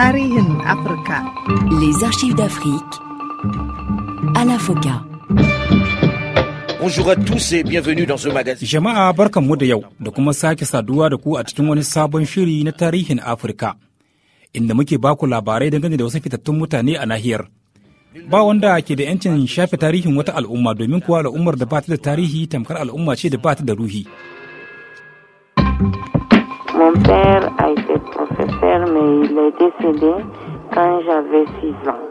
tarihin Afirka. Les archives d'Afrique, Alain Foka. Bonjour à tous et bienvenue dans ce magazine. Jama'a mu da yau da kuma sake saduwa da ku a cikin wani sabon shiri na tarihin Afirka. Inda muke baku labarai dangane da wasu fitattun mutane a nahiyar. Ba wanda ke da 'yancin shafe tarihin wata al'umma domin kuwa al'ummar da ba ta da tarihi tamkar al'umma ce da ba ta da ruhi. Mon père a mais il est décédé quand j'avais 6 ans.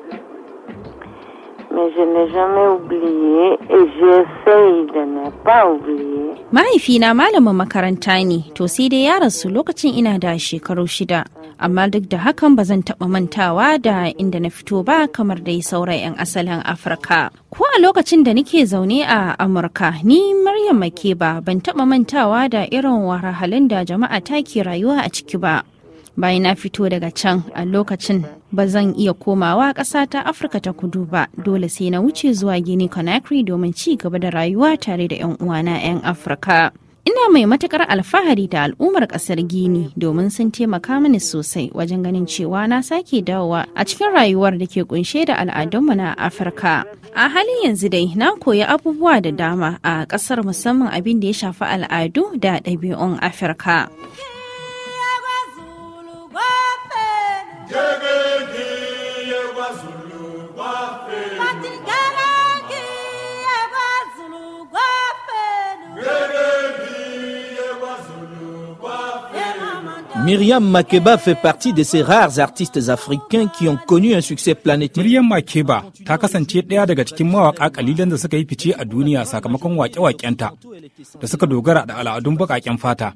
Mais je n'ai jamais oublié et j'essaye de ne pas oublier. Mahaifina malamin makaranta ne, to sai dai ya rasu lokacin ina da shekaru shida. Amma duk da hakan ba zan taɓa mantawa da inda na fito ba kamar dai sauran 'yan asalin Afirka. Ko a lokacin da nike zaune a Amurka, ni Maryam Makeba ban taɓa mantawa da irin wahalhalun da jama'a take rayuwa a ciki ba. bayan na fito daga can a lokacin ba zan iya komawa ƙasa ta afirka ta kudu ba dole sai na wuce zuwa gini conakry domin ci gaba da rayuwa tare da 'yan uwana 'yan afirka ina mai matukar alfahari da al'ummar kasar gini domin sun taimaka mini sosai wajen ganin cewa na sake dawowa a cikin rayuwar da ke kunshe da al'adunmu na afirka a halin yanzu dai na koyi abubuwa da dama a kasar musamman abin da ya shafi al'adu da ɗabi'un afirka Yeah, Myriam Makeba fait partie de ces rares artistes africains qui ont connu un succès planétaire. Myriam Makeba ta kasance ɗaya daga cikin mawaƙa kalilan da suka yi fice a duniya sakamakon waƙe-waƙenta da suka dogara da al'adun baƙaƙen fata.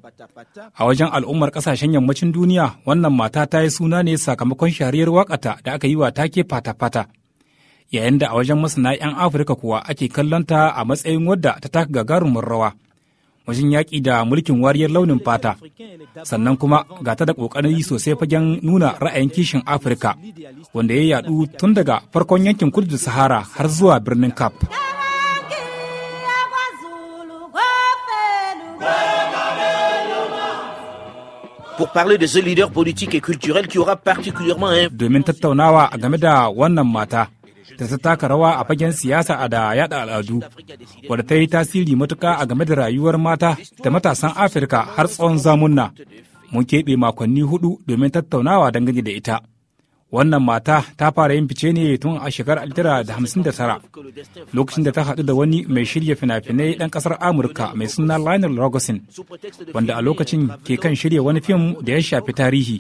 A wajen al'ummar ƙasashen yammacin duniya wannan mata ta yi suna ne sakamakon shahariyar waƙata da aka yi wa take fata-fata. Yayin da a wajen masana 'yan Afirka kuwa ake kallon ta a matsayin wadda ta taka gagarumin rawa. wajen yaƙi da mulkin wariyar launin fata sannan kuma ga ta da ƙoƙari sosai fagen nuna ra'ayin kishin afirka wanda ya yaɗu tun daga farkon yankin kudu da sahara har zuwa birnin cap pour parler de ce leader politique et culturel qui aura particulièrement un... Domin tattaunawa a game da wannan mata da ta taka rawa a fagen siyasa a da yada al'adu wadda ta yi tasiri matuka a game da rayuwar mata da matasan afirka har tsawon zamunna mun keɓe makonni hudu domin tattaunawa dangane da ita wannan mata ta fara yin fice ne tun a shekarar 1959 lokacin da ta haɗu da wani mai shirya fina-finai ɗan ƙasar amurka mai suna lionel rogerson wanda a lokacin ke kan shirya wani fim da ya shafi tarihi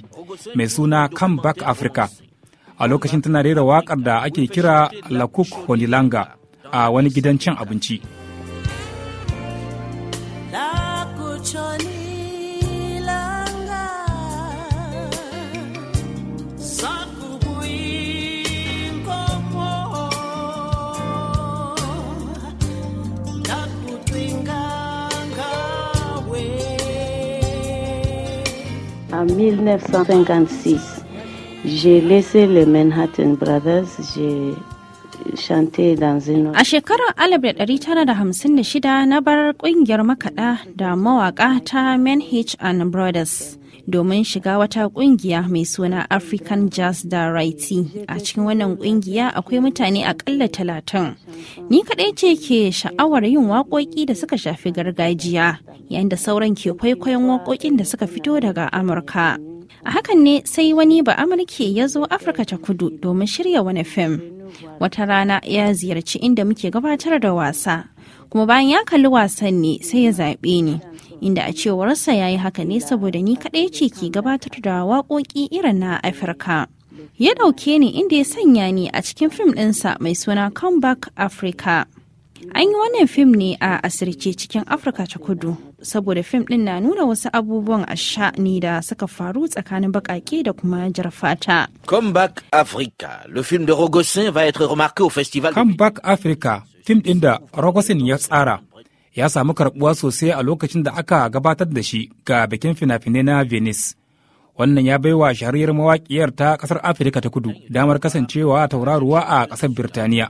mai suna come back africa a lokacin tana rera waƙar da ake kira La Cook Holilanga a wani gidan cin abinci. en 1956. J'ai laissé les Manhattan Brothers, j'ai chanté dans une A shekarar 1956 na bar kungiyar makaɗa da mawaƙa ta Manhattan Brothers. domin shiga wata kungiya mai suna african jazz da raiti a cikin wannan kungiya akwai mutane aƙalla talatin ni kaɗai ce ke sha'awar yin waƙoƙi da suka shafi gargajiya yayin da sauran ke kwaikwayon waƙoƙin da suka fito daga amurka A hakan ne sai wani ba Amurke ya zo Afirka ta kudu domin shirya wani fim. Wata rana ya ziyarci inda muke gabatar da wasa, kuma bayan ya kalli wasan ne sai ya zaɓe ni. Inda a cewarsa ya yi haka ne saboda ni kaɗai ce ke gabatar da waƙoƙi irin na Afirka. Ya ɗauke ni inda ya sanya ni a cikin fim ɗinsa mai suna Comeback Africa. An yi wannan fim ne a asirce cikin Afirka ta kudu, saboda fim ɗin na nuna wasu abubuwan a sha'ani da suka faru tsakanin baƙaƙe da kuma jarfata. Come Back Africa, le film de rogosin va être remarqué au festival. Africa, fim ɗin da rogosin ya tsara, ya samu karɓuwa sosai a lokacin da aka gabatar da shi ga bikin fina-finai na Venice. wannan ya baiwa shahararriyar mawaƙiyar ta ƙasar afirka ta kudu damar kasancewa tauraruwa a ƙasar birtaniya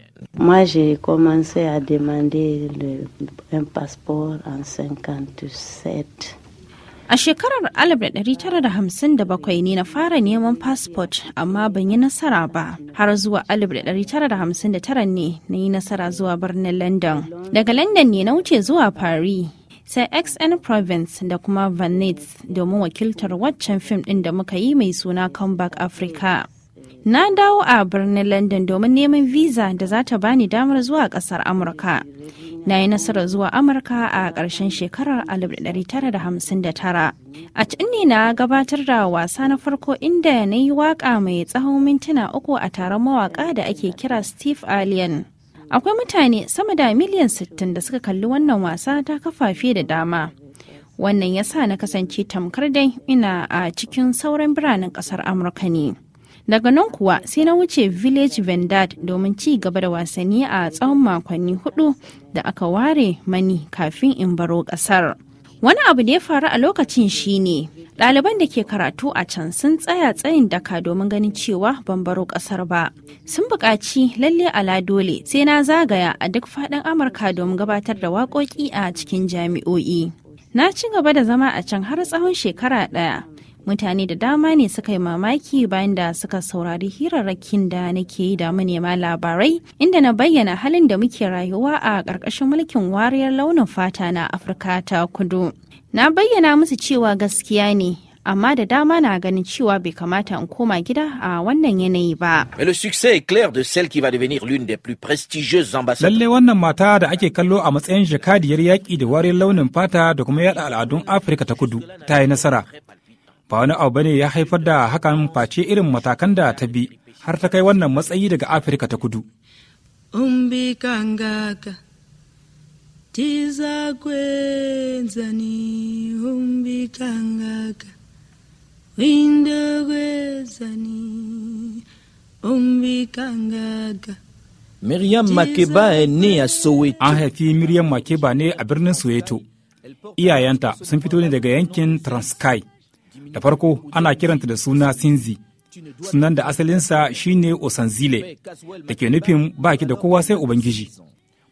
a shekarar 1957 ne na fara neman fasfot amma ban yi nasara ba har zuwa 1959 ne na yi nasara zuwa birnin london daga london ne na wuce zuwa paris sai xn province da kuma venice domin wakiltar waccan fim din da muka yi mai suna comeback africa na dawo a birnin london domin neman visa da za ta bani damar zuwa kasar amurka na yi nasarar zuwa amurka a ƙarshen shekarar 1959 a can ne na gabatar da wasa na farko inda na yi waƙa mai tsawon mintuna uku a taron mawaƙa da ake kira steve allen Akwai mutane sama da miliyan 60 da suka kalli wannan wasa ta kafafe da dama. Wannan ya sa na kasance tamkar dai ina a cikin sauran biranen ƙasar Amurka ne. daga nan kuwa sai na wuce village vendad domin ci gaba da wasanni a tsawon makonni hudu da aka ware mani kafin in baro kasar wani abu da ya faru a lokacin shine Ɗaliban da ke karatu a can sun tsaya tsayin daka domin ganin cewa ban baro ƙasar ba. Sun buƙaci lalle ala dole sai na zagaya a duk faɗin Amurka domin gabatar da waƙoƙi a cikin jami'o'i. Na ci gaba da zama a can har tsawon shekara ɗaya. mutane da dama ne suka yi mamaki bayan da suka saurari hirarrakin da nake yi da manema labarai inda na bayyana halin da muke rayuwa a ƙarƙashin mulkin wariyar launin fata na afirka ta kudu na bayyana musu cewa gaskiya ne amma da dama na ganin cewa bai kamata in koma gida a wannan yanayi ba. Lalle wannan mata da ake kallo a matsayin jakadiyar yaƙi da wariyar launin fata da kuma yada al'adun Afirka ta kudu ta yi nasara. ba wani abu bane ya haifar da hakan face irin matakan da ta bi har ta kai wannan matsayi daga afirka ta kudu umbi kangaka Miriam Makeba ne a Soweto. An haifi Miriam Makeba ne a birnin Soweto. Iyayenta sun fito ne daga yankin Transkei. Da farko ana kiranta da suna Sinzi, sunan da asalinsa shine Osanzile, da ke nufin baki da kowa sai Ubangiji.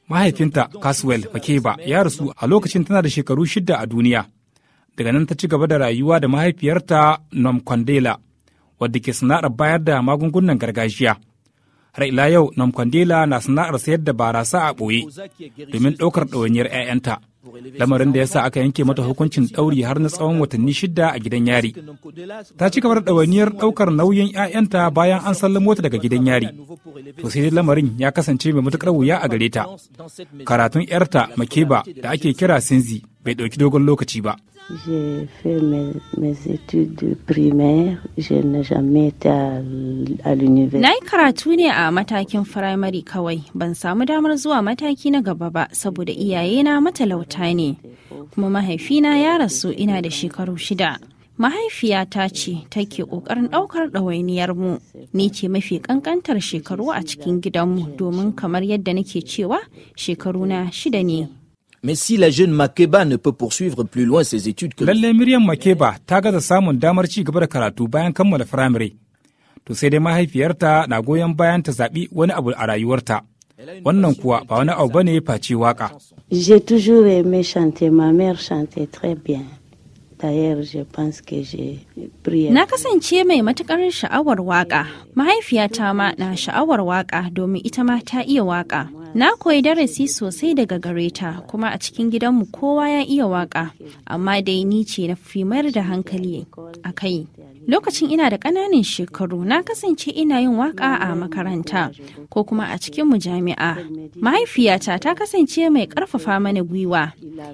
Mahaifinta Caswell Fakeba ya rasu a lokacin tana da shekaru shida a duniya. Daga nan ta ci gaba da rayuwa da mahaifiyarta Nom Kwandela, wadda ke sana'ar bayar da magungunan gargajiya. har ila yau namkwandila na sana'ar sayar da barasa a ɓoye domin ɗaukar ɗawainiyar 'ya'yanta lamarin da yasa aka yanke mata hukuncin ɗauri har na tsawon watanni shidda a gidan yari ta ci gaba da ɗawainiyar ɗaukar nauyin 'ya'yanta bayan an sallamo ta daga gidan yari to sai dai lamarin ya kasance mai matuƙar wuya a gare ta karatun 'yarta makeba da ake kira sinzi bai ɗauki dogon lokaci ba J'ai fait mes, mes, études primaires. Je n'ai jamais été à, l'université. Na yi karatu ne a matakin firamare kawai. Ban samu damar zuwa mataki na gaba ba saboda iyayena matalauta ne. Kuma mahaifina ya rasu ina da shekaru shida. Mahaifiyata ce take ƙoƙarin ɗaukar ɗawainiyar mu. Ni ce mafi ƙanƙantar shekaru a cikin gidanmu domin kamar yadda nake cewa shekaru na shida ne Mais si la jeune Makeba ne peut poursuivre plus loin ses études que... Lalle Miriam Makeba ta gaza samun damar ci gaba da karatu bayan kammala firamare. To sai dai mahaifiyarta na goyon bayan ta zaɓi wani abu a rayuwarta. Wannan kuwa ba wani abu bane face waka. J'ai toujours aimé chanter, ma mère chantait très bien. Na kasance mai matukar sha'awar waka, mahaifiyata ma na sha'awar waka domin ita ma ta iya waka. Na koyi darasi sosai daga gare ta kuma a cikin gidanmu kowa ya iya waka, amma dai ni ce na fi mayar da hankali a kai. Lokacin ina da ƙananan shekaru na kasance ina yin waƙa a makaranta ko kuma a cikin mujami'a. Mahaifiyata ta kasance mai ƙarfafa mana gwiwa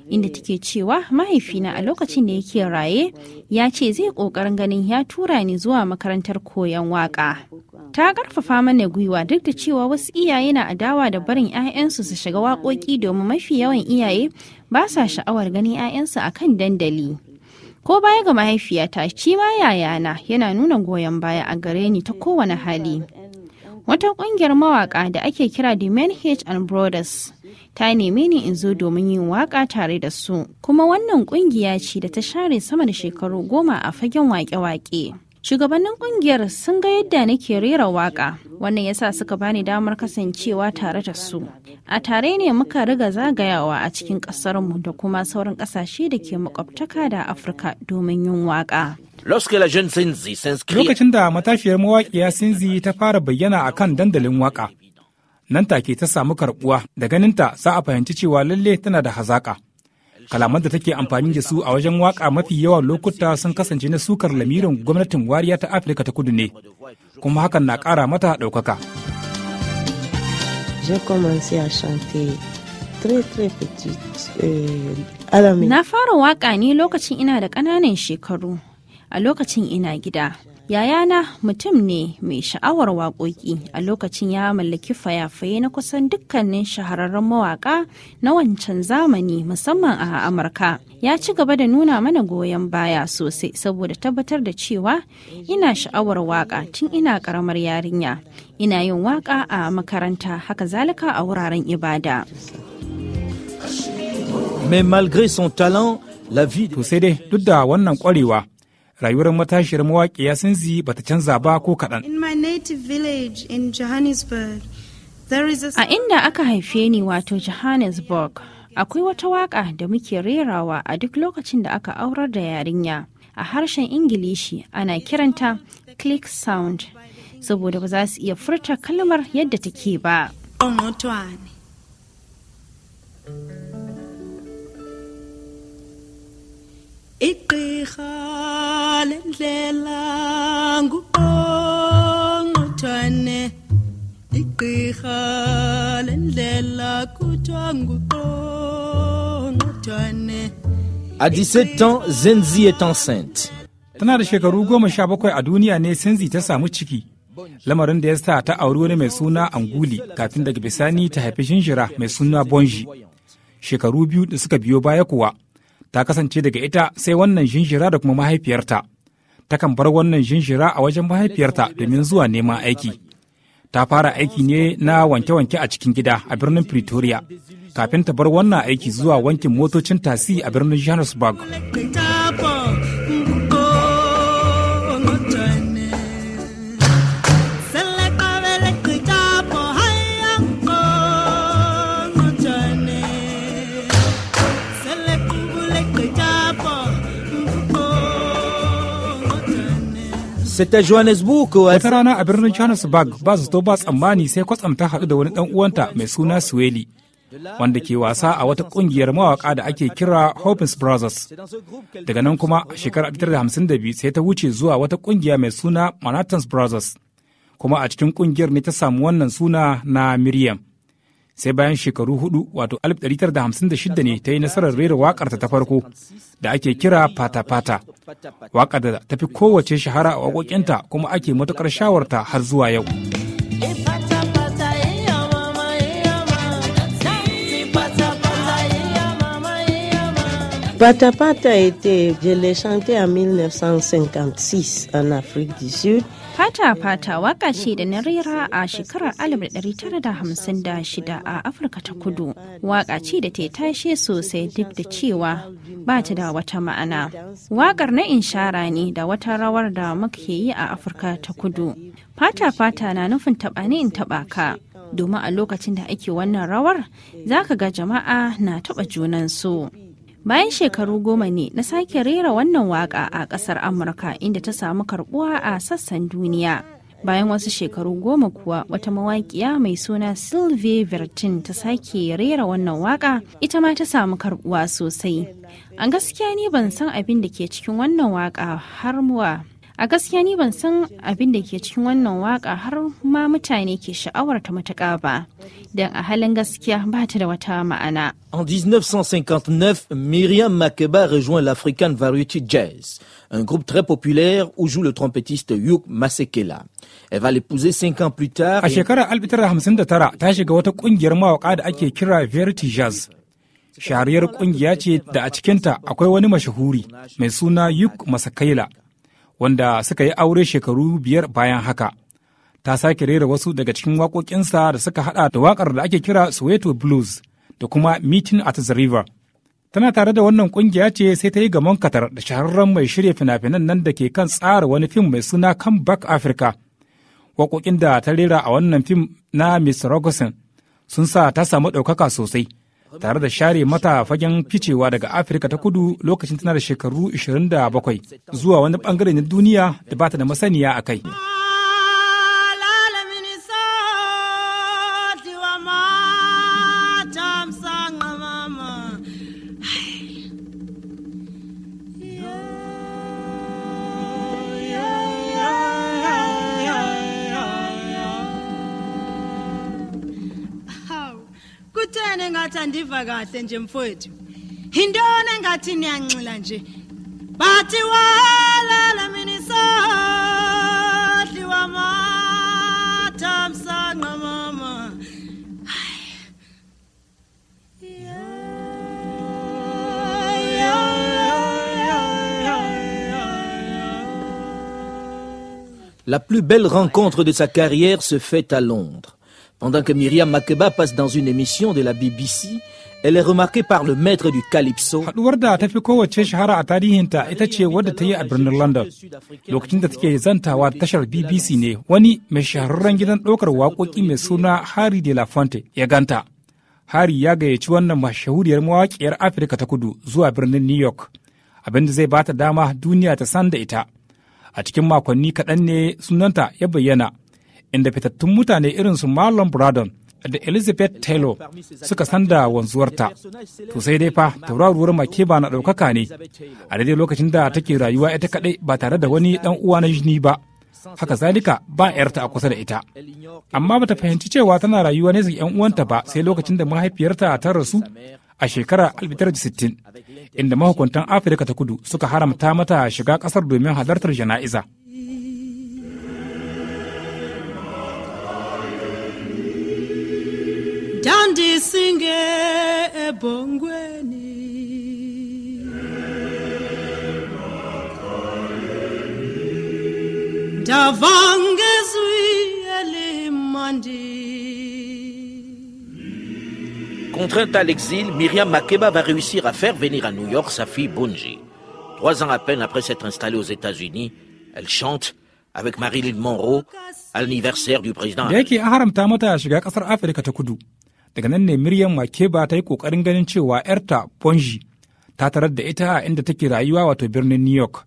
inda take cewa mahaifina a lokacin da yake raye ya ce zai ƙoƙarin ganin ya tura ni zuwa makarantar koyon waƙa. Ta ƙarfafa mana gwiwa duk da cewa wasu iyaye na adawa da barin 'ya'yansu su shiga waƙoƙi domin mafi yawan iyaye ba sa sha'awar ganin 'ya'yansu a kan dandali. ko baya ga mahaifiyata ci ma yayana yana nuna goyon baya a gare ni ta kowane hali wata kungiyar mawaka da ake kira the men h and brothers ta neme ni in zo domin yin waka tare da su kuma wannan kungiya ce da ta share sama da shekaru goma a fagen wake-wake Shugabannin kungiyar sun ga yadda nake rera waka, wannan yasa suka bani damar kasancewa tare da su. A tare ne muka riga zagayawa a cikin ƙasarmu da kuma sauran ƙasashe da ke makwabtaka da Afirka domin yin waka. Lokacin da matafiyar mawaƙiya Sinzi ta fara bayyana a kan dandalin waka, nan take ta samu karbuwa da ganinta za a fahimci cewa lalle tana da hazaƙa. kalaman da take amfani da su a wajen waka mafi yawan lokuta sun kasance na sukar lamirin gwamnatin wariya ta afirka ta kudu ne kuma hakan na kara mata ɗaukaka euh, na fara waka ne lokacin ina da ƙananan shekaru a lokacin ina gida Yayana mutum ne mai sha'awar waƙoƙi a lokacin ya mallaki fayafaye na kusan dukkanin shahararren mawaƙa na wancan zamani musamman a Amurka. Ya ci gaba da nuna mana goyon baya sosai saboda tabbatar da cewa ina sha'awar waƙa tun ina ƙaramar yarinya. Ina yin waƙa a makaranta haka zalika a wuraren ibada. Mais malgré son talent, la vie... dai duk da wannan ƙwarewa rayuwar matashiyar mawaƙiya zi bata canza ba ko kaɗan. A inda aka haife ni wato Johannesburg, akwai wata waƙa da muke rerawa a duk lokacin da aka aurar da yarinya. A harshen Ingilishi ana kiranta click sound, saboda ba za su iya furta kalmar yadda take ba. Oh, igqirha lendlela nguqongqothwane lendlela kuthiwa nguqongqothwane 17 ans, Zenzi est enceinte. Tana da shekaru goma sha bakwai a duniya ne Zenzi ta samu ciki, lamarin da ya sa ta auri wani mai suna Anguli kafin daga bisani ta haifi shinshira mai suna Bonji. Shekaru biyu da suka biyo baya kuwa, ta kasance daga ita sai wannan shinshira da kuma mahaifiyarta takan bar wannan shinshira a wajen mahaifiyarta domin zuwa neman aiki ta fara aiki ne na wanke-wanke a cikin gida a birnin pretoria kafin ta bar wannan aiki zuwa wankin motocin tasi a birnin johannesburg sai ta Johannesburg wata rana a birnin Johannesburg ba su to ba tsammani sai kwatsam ta haɗu da wani ɗan uwanta mai suna sueli wanda ke wasa a wata ƙungiyar mawaƙa da ake kira Hopkins Brothers daga nan kuma a shekarar 1952 sai ta wuce zuwa wata ƙungiya mai suna Manhattan Brothers kuma a cikin ƙungiyar ne ta samu wannan suna na Miriam sai bayan shekaru hudu wato 1956 ne ta yi nasarar rera wakarta ta farko da ake kira fata-fata waƙar da ta fi kowace shahara a waƙoƙinta kuma ake matuƙar shawarta har zuwa yau. Bata a été, je l'ai chanté en 1956 en Afrique du Sud. Fata Fata waka ce da na rera a shekarar 1956 a Afirka ta Kudu. Waka ce da ta tashe sosai duk da cewa ba ta da wata ma'ana. Wakar na inshara ne da wata rawar da muke yi a Afirka ta Kudu. Fata Fata na nufin taɓa ne in taɓa ka. domin a lokacin da ake wannan rawar za ka ga jama'a na taɓa junan junansu. Bayan shekaru goma ne na sake rera wannan waka a ƙasar Amurka inda ta samu karbuwa a sassan duniya. Bayan wasu shekaru goma kuwa wata mawaƙiya mai suna Sylvie Vertin ta sake rera wannan waka ita ma ta samu karbuwa sosai. A gaskiya ni ban san abin da ke cikin wannan waka har muwa a gaskiya ni ban san abin da ke cikin wannan waka har ma mutane ke sha'awar ta mataka ba don a halin gaskiya ba ta da wata ma'ana En 1959, Myriam Makeba rejoint l'African Variety Jazz, un groupe très populaire où joue le trompettiste Yuk Masekela. Elle va l'épouser cinq ans plus tard. A shekarar 1959 ta shiga wata kungiyar mawaka da ake kira Variety Jazz. Shahariyar kungiya ce da a cikinta akwai wani mashahuri mai suna Yuk Masakaila wanda suka yi aure shekaru biyar bayan haka. Ta sake rera wasu daga cikin waƙoƙinsa da suka haɗa da waƙar da ake kira Soweto Blues da kuma Meeting at the River. Tana tare da wannan ƙungiya ce sai ta yi gamon katar da shahararren mai shirya fina-finan nan da ke kan tsara wani fim mai suna come back Africa. Waƙoƙin da ta rera a wannan fim na Mr. Rogerson sun sa ta samu ɗaukaka sosai. tare da share mata fagen ficewa daga afirka ta kudu lokacin tana da shekaru 27 zuwa wani bangare na duniya da bata da masaniya a kai. La plus belle rencontre de sa carrière se fait à Londres. Pendant que Myriam Makeba passe dans une émission de la BBC, par le du Haɗuwar da ta fi kowace shahara a tarihinta ita ce wadda ta yi a birnin London. Lokacin da take zantawa tashar BBC ne wani mai shahararren gidan ɗaukar waƙoƙi mai suna Harry de la Fonte ya ganta. Harry ya gayyaci wannan mashahuriyar mawaƙiyar Afirka ta kudu zuwa birnin New York, abin da zai bata dama duniya ta san da ita. A cikin makonni kaɗan ne sunanta ya bayyana, inda fitattun mutane irin su Marlon Braddon da elizabeth taylor suka san da wanzuwarta to sai dai fa tauraruwar ba na ɗaukaka ne a daidai lokacin da take rayuwa ita kaɗai ba tare da wani ɗan uwa na jini ba haka zalika ba yarta a kusa da ita amma bata fahimci cewa tana rayuwa ne yan uwanta ba sai lokacin da mahaifiyarta ta rasu a shekara sittin inda mahukuntan afirka ta kudu suka haramta mata shiga kasar domin halartar jana'iza Contrainte à l'exil, Myriam Makeba va réussir à faire venir à New York sa fille Bonji. Trois ans à peine après s'être installée aux États-Unis, elle chante avec Marilyn Monroe à l'anniversaire du président. daga nan ne miriam makeba ta yi ƙoƙarin ganin cewa 'yarta ponji ta tarar da ita a inda take rayuwa wato birnin new york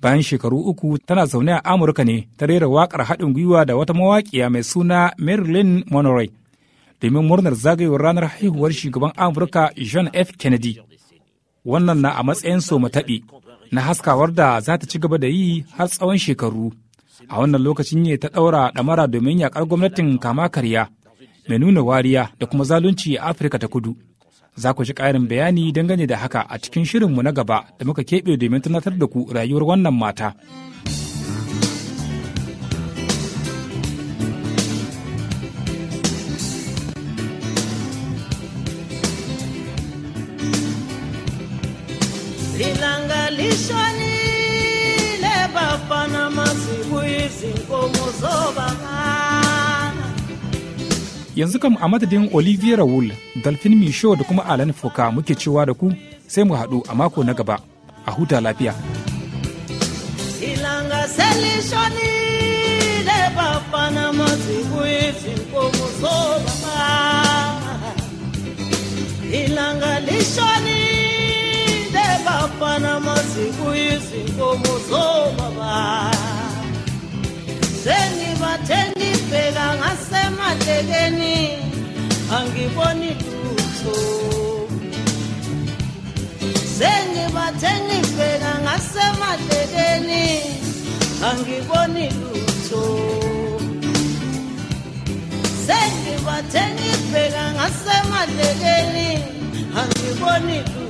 bayan shekaru uku tana zaune a amurka ne ta rera waƙar haɗin gwiwa da wata mawaƙiya mai suna marilyn monroe domin murnar zagayowar ranar haihuwar shugaban amurka john f kennedy wannan na a matsayin somataɓi na haskawar da za ta ci gaba da yi har tsawon shekaru a wannan lokacin ne ta ɗaura ɗamara domin yaƙar gwamnatin kama karya mai nuna wariya da kuma zalunci a afirka ta kudu za ku ji ƙarin bayani dangane da haka a cikin shirinmu na gaba da muka keɓe domin tunatar da ku rayuwar wannan mata. Lilanga lishonile masibu ha yanzu kam a madadin olivier raul dalfin misho da kuma alan foka muke cewa da ku sai mu haɗu a mako na gaba a huta lafiya Ten. esekeni angiboni lutho sengibathe ngibheka ngasemadlekeni angiboni lutho sengibathe ngibheka ngasemadlekeni angiboni lutho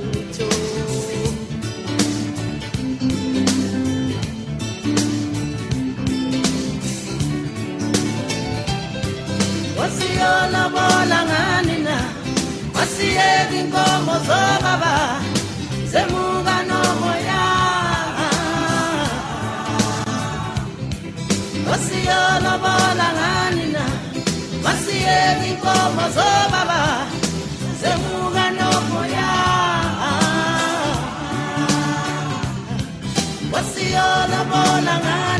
siyona bona ngani na wasiyeka inkomo zobaba zemuka nomoya wasiyona bona ngani na wasiyeka inkomo zobaba zemuka nomoya wasiyona bona ngani